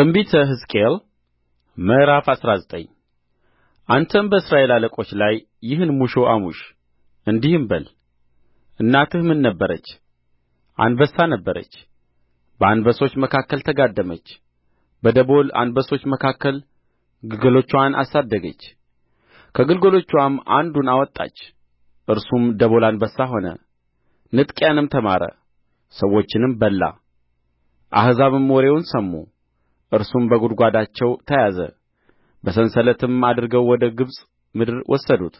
ትንቢተ ሕዝቅኤል ምዕራፍ አስራ ዘጠኝ አንተም በእስራኤል አለቆች ላይ ይህን ሙሾ አሙሽ እንዲህም በል እናትህ ምን ነበረች አንበሳ ነበረች በአንበሶች መካከል ተጋደመች በደቦል አንበሶች መካከል ግልገሎችዋን አሳደገች ከግልገሎችዋም አንዱን አወጣች እርሱም ደቦል አንበሳ ሆነ ንጥቂያንም ተማረ ሰዎችንም በላ አሕዛብም ወሬውን ሰሙ እርሱም በጕድጓዳቸው ተያዘ በሰንሰለትም አድርገው ወደ ግብጽ ምድር ወሰዱት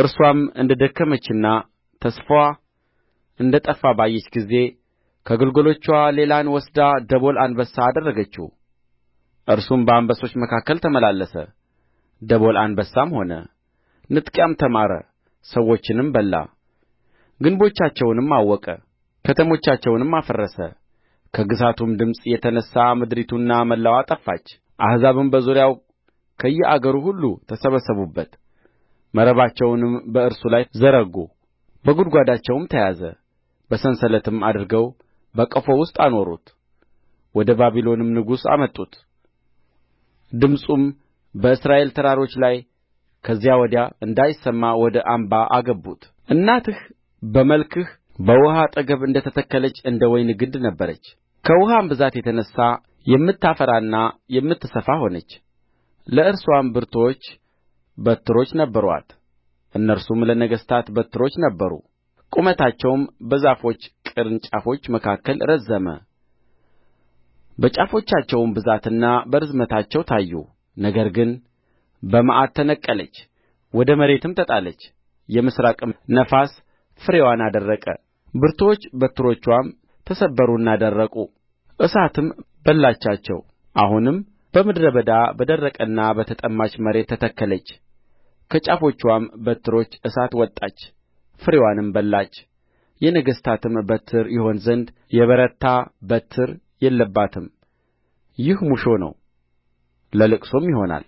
እርስዋም እንደ ደከመችና ተስፋዋ እንደ ጠፋ ባየች ጊዜ ከግልገሎችዋ ሌላን ወስዳ ደቦል አንበሳ አደረገችው እርሱም በአንበሶች መካከል ተመላለሰ ደቦል አንበሳም ሆነ ንጥቂያም ተማረ ሰዎችንም በላ ግንቦቻቸውንም አወቀ ከተሞቻቸውንም አፈረሰ ከግሣቱም ድምፅ የተነሣ ምድሪቱና ሞላዋ ጠፋች አሕዛብም በዙሪያው ከየአገሩ ሁሉ ተሰበሰቡበት መረባቸውንም በእርሱ ላይ ዘረጉ በጕድጓዳቸውም ተያዘ በሰንሰለትም አድርገው በቀፎ ውስጥ አኖሩት ወደ ባቢሎንም ንጉሥ አመጡት ድምፁም በእስራኤል ተራሮች ላይ ከዚያ ወዲያ እንዳይሰማ ወደ አምባ አገቡት እናትህ በመልክህ በውኃ አጠገብ እንደ ተተከለች እንደ ወይን ግንድ ነበረች ከውኃም ብዛት የተነሣ የምታፈራና የምትሰፋ ሆነች ለእርስዋም ብርቱዎች በትሮች ነበሩአት እነርሱም ለነገሥታት በትሮች ነበሩ ቁመታቸውም በዛፎች ቅርንጫፎች መካከል ረዘመ በጫፎቻቸውም ብዛትና በርዝመታቸው ታዩ ነገር ግን በመዓት ተነቀለች ወደ መሬትም ተጣለች የምሥራቅም ነፋስ ፍሬዋን አደረቀ ብርቱዎች በትሮችዋም ተሰበሩና ደረቁ እሳትም በላቻቸው አሁንም በምድረ በዳ በደረቀና በተጠማች መሬት ተተከለች ከጫፎችዋም በትሮች እሳት ወጣች ፍሬዋንም በላች የነገሥታትም በትር ይሆን ዘንድ የበረታ በትር የለባትም ይህ ሙሾ ነው ለልቅሶም ይሆናል